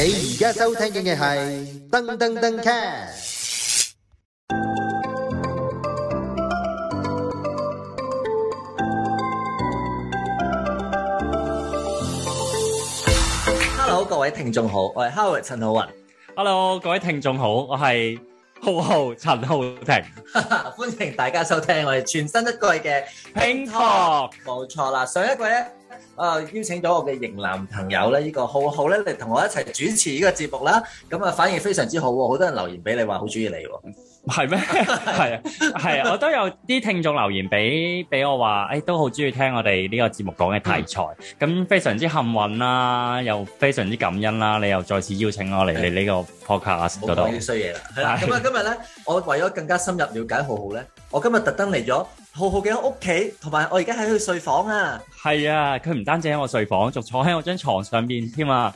你而家收聽嘅係噔噔噔 cast。Hello，各位聽眾好，我係哈維陳浩雲。Hello，各位聽眾好，我係。浩浩陳浩霆， 歡迎大家收聽我哋全新一季嘅拼 Talk。冇錯 Talk 啦，上一季咧，誒、呃、邀請咗我嘅型男朋友咧，呢、這個浩浩咧嚟同我一齊主持呢個節目啦。咁啊，反應非常之好，好多人留言俾你話好中意你。係咩？係啊是，係 啊，我都有啲聽眾留言俾我話，哎，都好中意聽我哋呢個節目講嘅題材，咁、嗯、非常之幸運啦，又非常之感恩啦，你又再次邀請我嚟你拜呢個 podcast 度講啲衰嘢啦。咁啊今日咧，我為咗更加深入了解浩浩咧，我今日特登嚟咗。浩浩嘅屋企，同埋我而家喺佢睡房啊。係啊，佢唔單止喺我睡房，仲坐喺我張床上面添啊。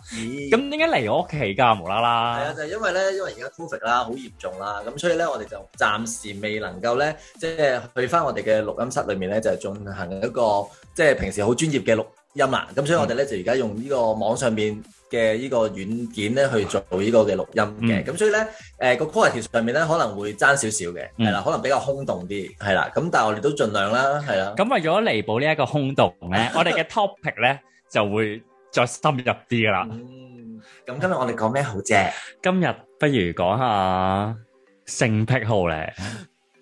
咁點解嚟我屋企㗎？無啦啦。係啊，就係因為咧，因為而家 COVID 啦，好嚴重啦，咁所以咧，我哋就暫時未能夠咧，即係去翻我哋嘅錄音室裏面咧，就係進行一個即係平時好專業嘅錄音啦，咁所以我哋咧就而家用呢個網上邊嘅呢個軟件咧去做呢個嘅錄音嘅，咁所以咧，誒個 quality 上面咧可能會爭少少嘅。係啦，可能比較空洞啲，係啦，咁但係我哋都盡量啦，係啦。咁為咗彌補呢一個空洞咧，我哋嘅 topic 咧就會再深入啲噶啦。咁今日我哋講咩好啫？今日不如講下性癖號咧，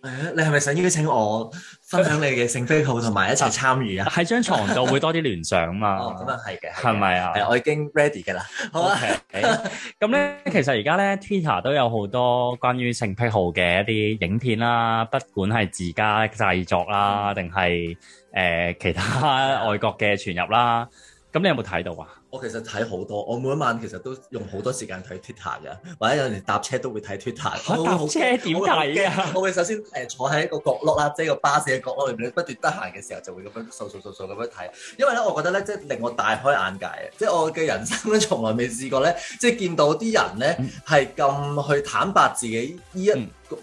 誒，你係咪想邀請我？分享你嘅性癖好同埋一齊參與啊！喺張牀度會多啲聯想嘛。 哦，咁又係嘅，係咪啊？係，我已經 ready 嘅啦。好啊，係。咁咧，其實而家咧 Twitter 都有好多關於性癖好嘅一啲影片啦，不管係自家製作啦，定係誒其他外國嘅傳入啦。咁你有冇睇到啊？我其實睇好多，我每一晚其實都用好多時間睇 Twitter 嘅，或者有陣時搭車都會睇 Twitter。搭車點睇啊？我會首先誒坐喺一個角落啦，即係個巴士嘅角落裏邊，不斷得閒嘅時候就會咁樣掃掃掃掃咁樣睇。因為咧，我覺得咧，即係令我大開眼界，即係我嘅人生咧，從來未試過咧，即係見到啲人咧係咁去坦白自己呢一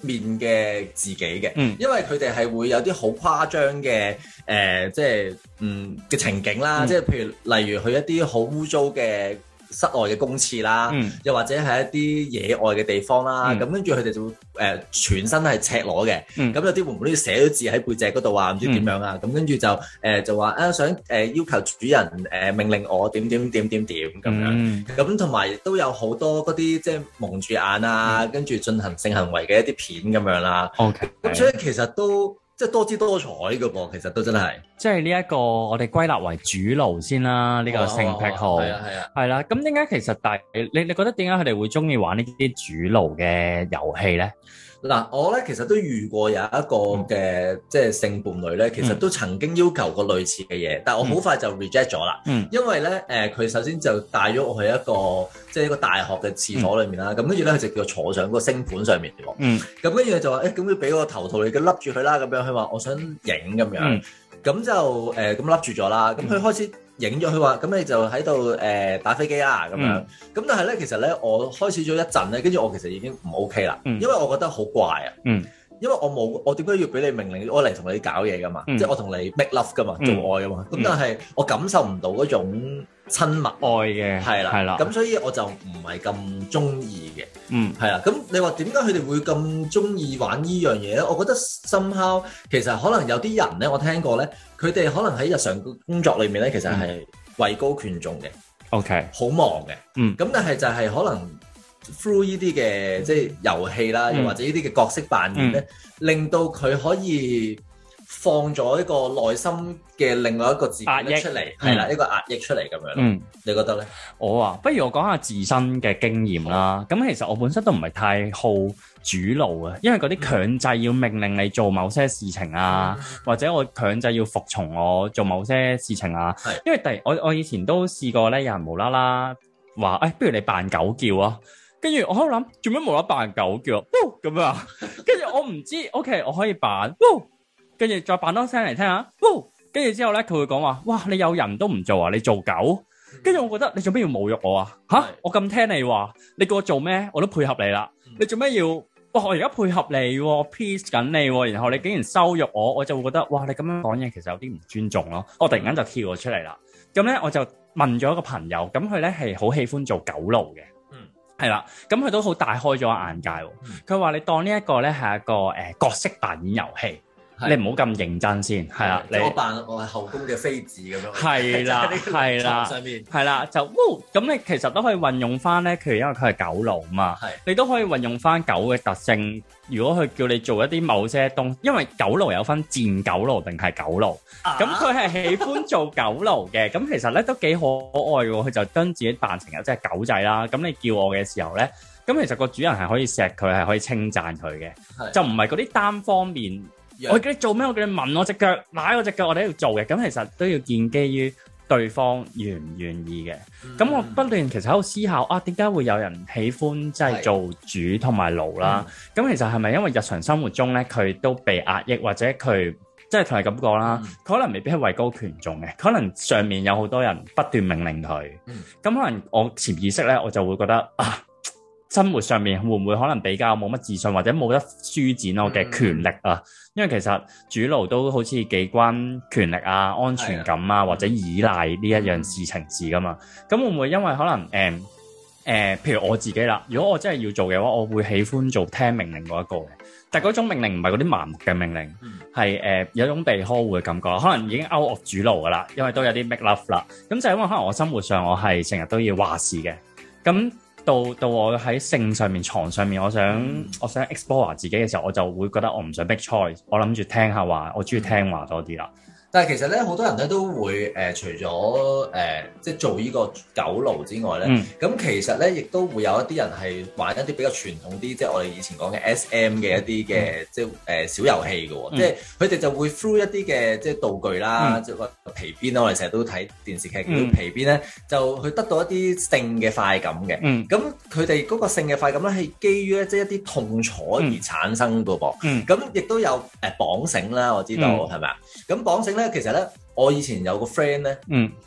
面嘅自己嘅。因為佢哋係會有啲好誇張嘅誒，即係嗯嘅情景啦，即係譬如例如去一啲好污糟嘅室外嘅公廁啦，嗯、又或者係一啲野外嘅地方啦，咁、嗯、跟住佢哋就誒、呃、全身都係赤裸嘅，咁有啲會唔會寫咗字喺背脊嗰度啊，唔知點樣啊，咁跟住就誒、呃、就話啊、呃、想誒、呃、要求主人誒、呃、命令我點點點點點咁樣，咁同埋都有好多嗰啲即係蒙住眼啊，嗯、跟住進行性行為嘅一啲片咁樣啦。O K，咁所以其實都。即係多姿多彩嘅噃，其實都真係。即係呢一個，我哋歸納為主流先啦。呢、這個性癖好係啊係啊，係啦、啊。咁點解其實大你你覺得點解佢哋會鍾意玩呢啲主流嘅遊戲咧？嗱，我咧其實都遇過有一個嘅、嗯、即係性伴侶咧，其實都曾經要求過類似嘅嘢，嗯、但係我好快就 reject 咗啦。因為咧，誒、呃、佢首先就帶咗我去一個即係一個大學嘅廁所裏面啦，咁跟住咧佢就叫我坐上嗰個星盤上面。咁跟住就話誒，咁、欸、要俾個頭套你，咁笠住佢啦，咁樣佢話我想影咁樣，咁、嗯、就誒咁笠住咗啦，咁、呃、佢開始。嗯影咗佢話，咁你就喺度誒打飛機啊咁樣，咁、嗯、但係咧，其實咧，我開始咗一陣咧，跟住我其實已經唔 OK 啦，嗯、因為我覺得好怪啊，嗯、因為我冇，我點解要俾你命令我嚟同你搞嘢噶嘛？即係、嗯、我同你 make love 噶嘛，做愛噶嘛，咁、嗯、但係我感受唔到嗰種。親密愛嘅係啦，係啦的，咁的所以我就唔係咁中意嘅，嗯，係啦，咁你話點解佢哋會咁中意玩呢樣嘢咧？我覺得深諗，其實可能有啲人咧，我聽過咧，佢哋可能喺日常工作裏面咧，其實係位高權重嘅，OK、嗯、好忙嘅，嗯，咁但係就係可能 through 呢啲嘅即係遊戲啦，又或者呢啲嘅角色扮演咧，嗯嗯、令到佢可以。放咗一個內心嘅另外一個字壓、這個、抑出嚟，係啦，一個壓抑出嚟咁樣。嗯，你覺得咧？我啊，不如我講下自身嘅經驗啦。咁好 其實我本身都唔係太好主奴啊，因為嗰啲強制要命令你做某些事情啊，嗯、或者我強制要服從我做某些事情啊。是 因為第我我以前都試過咧，有人無啦啦話，誒、哎，不如你扮狗叫啊？跟住我喺度諗，做咩無啦啦扮狗叫？咁啊？跟住我唔知 ，OK，我可以扮。跟住再扮多聲嚟，聽下，跟住之後咧，佢會講話，哇，你有人都唔做啊，你做狗。跟住、嗯、我覺得你做咩要侮辱我啊？吓，是我咁聽你話，你叫我做咩我都配合你啦。嗯、你做咩要？哇，我而家配合你，peace、啊、緊你、啊，然後你竟然羞辱我，我就會覺得，哇，你咁樣講嘢其實有啲唔尊重咯。嗯、我突然間就跳咗出嚟啦。咁咧，我就問咗一個朋友，咁佢咧係好喜歡做狗奴嘅、嗯，嗯，係啦，咁佢都好大開咗眼界。佢、嗯、話、嗯、你當呢一個咧係一個誒角色扮演遊戲。你唔好咁認真先，係啊！我扮我係後宮嘅妃子咁的樣，係啦的，係啦，上面係啦，就，咁、哦、你其實都可以運用翻咧，譬如因為佢係狗奴嘛，係的，你都可以運用翻狗嘅特性。如果佢叫你做一啲某些東，因為狗奴有分賤狗奴定係狗奴，咁佢係喜歡做狗奴嘅。咁 其實咧都幾可愛嘅，佢就將自己扮成一隻狗仔啦。咁你叫我嘅時候咧，咁其實個主人係可以錫佢，係可以稱讚佢嘅，就唔係嗰啲單方面。我叫你做咩？我叫你吻我隻腳，舐我隻腳，我哋喺度做嘅。咁其實都要建基於對方願唔願意嘅。咁、嗯、我不斷其實喺度思考，啊點解會有人喜歡即係做主同埋奴啦？咁、嗯、其實係咪因為日常生活中咧，佢都被壓抑，或者佢即係同你咁講啦？佢、就是嗯、可能未必係位高權重嘅，可能上面有好多人不斷命令佢。咁、嗯、可能我潛意識咧，我就會覺得啊，生活上面會唔會可能比較冇乜自信，或者冇得舒展我嘅權力啊？嗯因為其實主奴都好似幾關權力啊、安全感啊或者依賴呢一樣事情事噶嘛，咁會唔會因為可能誒誒、呃呃，譬如我自己啦，如果我真係要做嘅話，我會喜歡做聽命令嗰一個，但係嗰種命令唔係嗰啲麻木嘅命令，係誒、嗯呃、有一種被呵護嘅感覺，可能已經 out of 主奴噶啦，因為都有啲 make love 啦，咁就係因為可能我生活上我係成日都要話事嘅，咁。到到我喺性上面、床上面，我想、mm. 我想 explore 自己嘅時候，我就會覺得我唔想 make choice。我諗住聽下話，我中意聽話多啲啦。但係其實咧，好多人咧都會誒、呃、除咗誒、呃、即係做呢個酒奴之外咧，咁、嗯、其實咧亦都會有一啲人係玩緊啲比較傳統啲，即係我哋以前講嘅 S.M. 嘅一啲嘅、嗯、即係誒、呃、小遊戲嘅即係佢哋就會 through 一啲嘅即係道具啦，即係個皮鞭啦，我哋成日都睇電視劇叫皮鞭咧，就去得到一啲性嘅快感嘅。咁佢哋嗰個性嘅快感咧係基於咧即係一啲痛楚而產生嘅噃。咁亦、嗯嗯嗯、都有誒綁繩啦，我知道係咪啊？咁綁繩咧。嗯其實咧，我以前有個 friend 咧，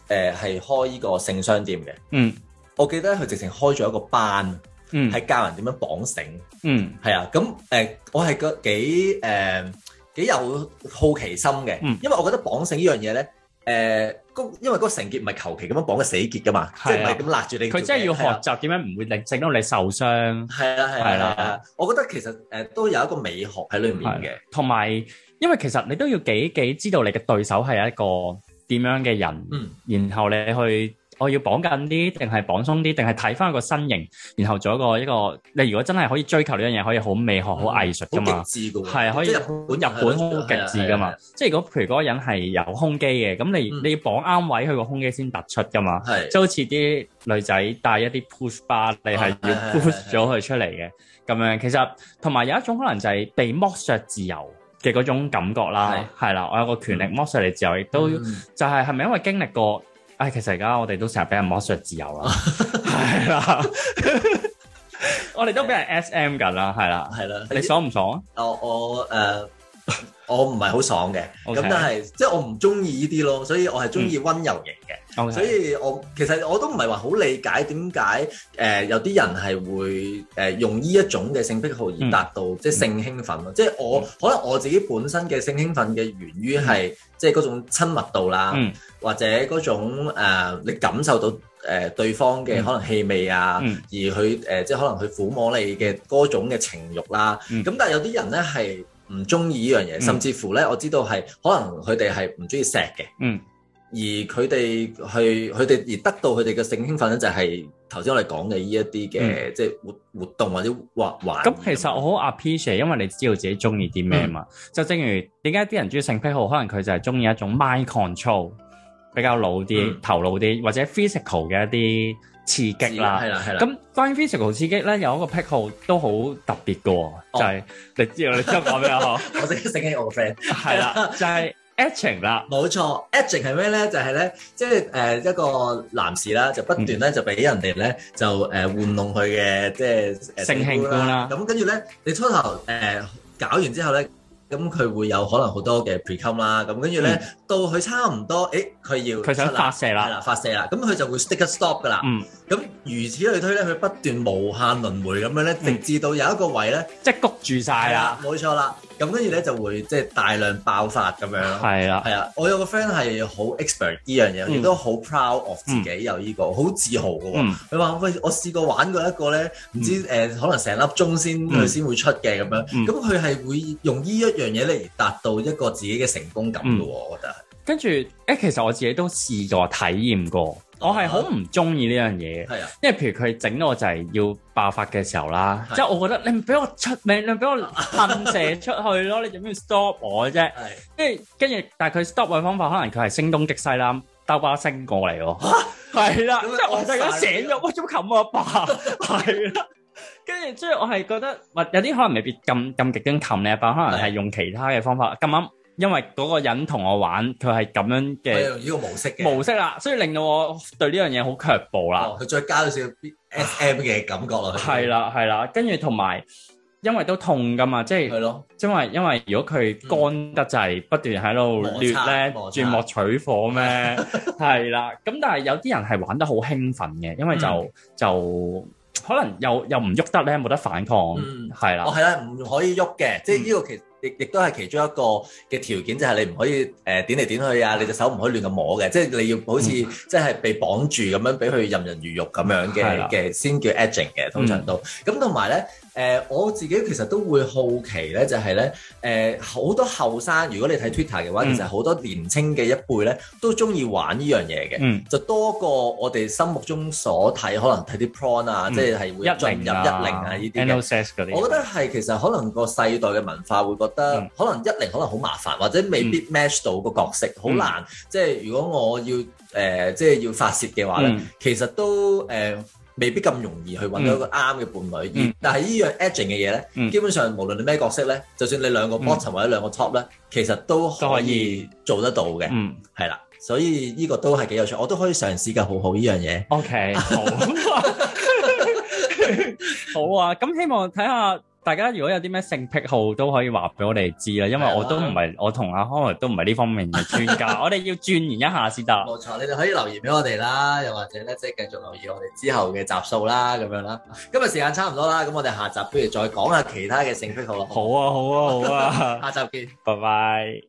誒係開依個性商店嘅。我記得佢直情開咗一個班，係教人點樣綁繩。係啊，咁誒，我係個幾誒幾有好奇心嘅，因為我覺得綁繩呢樣嘢咧，誒，因為嗰個繩結唔係求其咁樣綁個死結噶嘛，即係唔係咁勒住你。佢真係要學習點樣唔會令整到你受傷。係啦係啦，我覺得其實誒都有一個美學喺裏面嘅，同埋。因為其實你都要幾幾知道你嘅對手係一個點樣嘅人，然後你去我要綁緊啲，定係綁鬆啲，定係睇翻個身形，然後做一個一個你如果真係可以追求呢樣嘢，可以好美學、好藝術噶嘛，係可以日本日本好極致噶嘛，即係如果譬如嗰個人係有胸肌嘅，咁你你要綁啱位，佢個胸肌先突出噶嘛，即係好似啲女仔戴一啲 push bar，你係要 push 咗佢出嚟嘅咁樣。其實同埋有一種可能就係被剝削自由，嘅嗰種感覺啦，係啦是，我有個權力、嗯、剝削你自由，亦都、嗯、就係係咪因為經歷過？唉、哎，其實而家我哋都成日俾人剝削自由啦，係啦，我哋都俾人 SM 緊啦，係、uh、啦，係啦，你爽唔爽啊？我我誒。我唔係好爽嘅，咁 Okay. 但係即係我唔中意呢啲咯，所以我係中意溫柔型嘅，Okay. 所以我其實我都唔係話好理解點解誒有啲人係會誒、呃、用呢一種嘅性癖好而達到、嗯、即係性興奮咯，即係我、嗯、可能我自己本身嘅性興奮嘅源於係、嗯、即係嗰種親密度啦，嗯、或者嗰種、呃、你感受到誒、呃、對方嘅可能氣味啊，嗯、而去誒、呃、即係可能佢撫摸你嘅嗰種嘅情慾啦，咁、嗯、但係有啲人咧係。唔中意呢樣嘢，甚至乎咧，我知道係可能佢哋係唔中意錫嘅。嗯，而佢哋去佢哋而得到佢哋嘅性興奮咧，就係頭先我哋講嘅呢一啲嘅，即係活活動或者玩。咁其實我好 appreciate，因為你知道自己中意啲咩嘛。就正如點解啲人中意性癖好，可能佢就係中意一種 mind control，比較老啲、頭腦啲，或者 physical 嘅一啲。嗯嗯嗯刺激啦，係啦，係啦。咁關於 physical 刺激咧，有一個癖好都好特別嘅，oh. 就係你知啦，你知講咩啊？我識識緊我個 friend，係啦，就係、是、etching 啦，冇錯。etching 係咩咧？就係、是、咧，即係誒一個男士啦，就不斷咧就俾人哋咧就誒玩弄佢嘅、呃，即係、啊嗯、性興官啦。咁跟住咧，你初頭誒、呃、搞完之後咧。咁佢會有可能好多嘅 precome 啦，咁跟住咧到佢差唔多，誒佢要佢想發射啦，係啦發射啦，咁佢就會 stick a stop 㗎啦。嗯，咁如此類推咧，佢不斷無限輪迴咁樣咧，嗯、直至到有一個位咧，即係谷住晒啦，冇、啊、錯啦。咁跟住咧就會即係大量爆發咁樣咯。係啊的，係啊，我有個 friend 係好 expert 呢樣嘢，亦、嗯、都好 proud of 自己有呢、這個，好、嗯、自豪嘅、哦。佢話、嗯：喂，我試過玩過一個咧，唔知誒、嗯呃，可能成粒鐘先佢先會出嘅咁樣。咁佢係會用呢一樣嘢嚟達到一個自己嘅成功感咯。嗯、我覺得。跟住，誒、欸，其實我自己都試過體驗過。我係好唔中意呢樣嘢，因為譬如佢整到我就係要爆發嘅時候啦，即係我覺得你唔俾我出名，你唔俾我噴射出去咯，你做咩要 stop 我啫？係，跟住跟住，但係佢 stop 我嘅方法可能佢係聲東擊西啦，兜巴星過嚟喎，係啦，即係我就咁醒咗，我仲冚我阿爸？係啦，跟住即係我係覺得，或有啲可能未必咁咁極端冚你阿爸，可能係用其他嘅方法咁啱。因為嗰個人同我玩，佢係咁樣嘅模式嘅模式啦，所以令到我對呢樣嘢好卻步啦。佢再加少少 B S M 嘅感覺落去。係啦，係啦，跟住同埋，因為都痛㗎嘛，即係，因為因為如果佢乾得滯，不斷喺度摩擦，摩擦，鑽木取火咩？係啦，咁但係有啲人係玩得好興奮嘅，因為就就可能又又唔喐得咧，冇得反抗，係啦，哦，係啦，唔可以喐嘅，即係呢個其實。亦亦都係其中一個嘅條件，就係、是、你唔可以誒、呃、點嚟點去啊，你隻手唔可以亂咁摸嘅，嗯、即係你要好似即係被綁住咁樣，俾佢任人魚肉咁樣嘅嘅，先的叫 edging 嘅，通常都咁同埋咧。嗯誒、呃、我自己其實都會好奇咧，就係、是、咧，誒、呃、好多後生，如果你睇 Twitter 嘅話，嗯、其實好多年青嘅一輩咧，都中意玩呢樣嘢嘅，嗯、就多過我哋心目中所睇，可能睇啲 porn 啊，即係係會進入，嗯、進入一零啊呢啲嘅。啊、我覺得係其實可能個世代嘅文化會覺得，可能一零可能好麻煩，或者未必 match 到個角色，好、嗯、難。嗯、即係如果我要誒、呃，即係要發洩嘅話咧、嗯，其實都誒。呃嗯呃未必咁容易去揾到一個啱嘅伴侶，但係呢樣 edging 嘅嘢咧，基本上無論你咩角色咧，就算你兩個 bottom 或者兩個 top 咧，其實都可以做得到嘅。嗯，係啦，所以呢個都係幾有趣，我都可以嘗試嘅，好好呢樣嘢。OK，好，好啊，咁希望睇下。大家如果有啲咩性癖好都可以話俾我哋知啦，因為我都唔係，我同阿康都唔係呢方面嘅專家， 我哋要鑽研一下先得。冇錯，你哋可以留言俾我哋啦，又或者咧即係繼續留意我哋之後嘅集數啦，咁樣啦。今日時間差唔多啦，咁我哋下集不如再講下其他嘅性癖好咯。好，好啊，好啊，好啊。 下集見，拜拜 bye。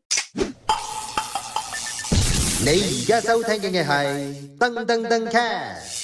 你而家收聽緊嘅係噔噔噔 c a